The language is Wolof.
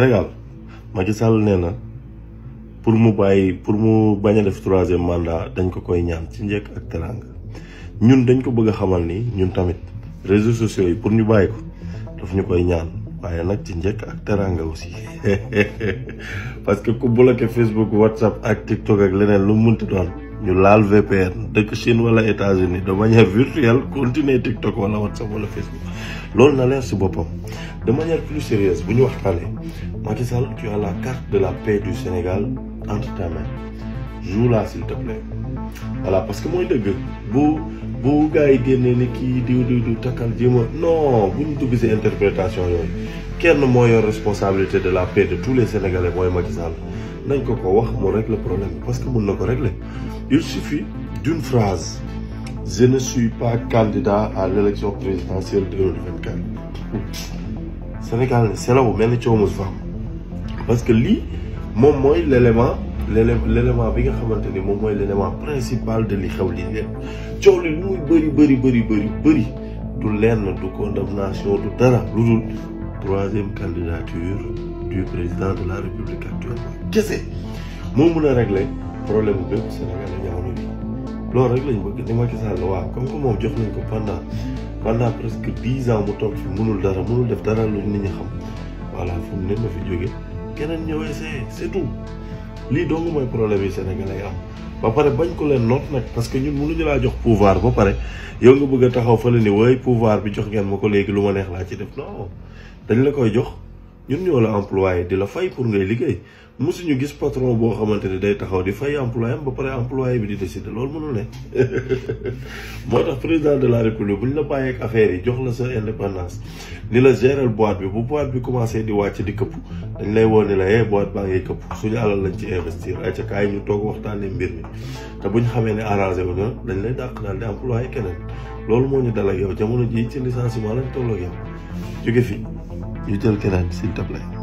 Sénégal Macky Sall nee na pour mu bàyyi pour mu bañ a def troisième mandat dañ ko koy ñaan ci njëkk ak teraanga ñun dañ ko bëgg a xamal ni ñun tamit réseaux sociaux yi pour ñu bàyyi ko daf ñu koy ñaan waaye nag ci njëkk ak teraanga aussi parce que ku bloqué Facebook WhatsApp ak TikTok ak leneen lu mu munti doon. ñu laal VPN dëkk Chine wala États-Unis de manière virtuelle continuer TikTok wala WhatsApp wala Facebook loolu na leer si boppam de manière plus sérieuse bu ñu wax Macky Sall tu as la carte de la paix du Sénégal entre ta main joue la s'il parce que mooy dëgg bu bu gars yi ni kii diw diw diw takkal jéema non bu ñu dugg si interprétation yooyu kenn moo yor responsabilité de la paix de tous les Sénégalais mooy Macky nañ ko ko wax mu règle problème parce que mun na ko régler il suffit d'une phrase je ne suis pas candidat à l'élection présidentielle 2024 Sénégal ne selaw mel ni coow mos fa parce que lii moom mooy l'élément l'élément bi nga xamante ni moom mooy l'élément principal de li xew lii lépp coow li lu muy bëri bëri bëri bëri bëri du lenn du condamnation du dara lu dul troisième candidature du président de la république actuellement kese moo mun a régler problème bu bépp Sénégalais jamono bi loolu rek lañ bëgg ni Macky Sall waaw comme que moom jox nañ ko pendant pendant presque dix ans mu toog fi munul dara munul def dara lu nit ñi xam voilà fu mu ne na fi jóge keneen ñëw essayé c'est tout lii dong mooy problème yi Sénégalais am ba pare bañ ko leen noot nag parce que ñun mënuñu laa jox pouvoir ba pare yow nga bëgg a taxaw fële ni way pouvoir bi jox ngeen ma ko léegi lu ma neex laa ci def non dañ la koy jox ñun ñoo la employé di la fay pour ngay liggéey mosuñu gis patron boo xamante ne day taxaw di fay employé am ba pare employé bi di décider loolu mënul ne moo tax président de la république bu ñu la bàyyeeg affaire yi jox la sa indépendance ni la gérer boîte bi bu boîte bi commencé di wàcc di këpp dañ lay woo la eh boîte baa ngay këpp suñu alal lañ ci investir ay ca kaay ñu toog waxtaanee mbir mi te buñ xamee ne arrangé wu na dañ lay dàq daal di employé keneen loolu moo ñu dal yow jamono jii ci licenciement lañ toll ak yow jóge fi ñu jël keneen si te plaît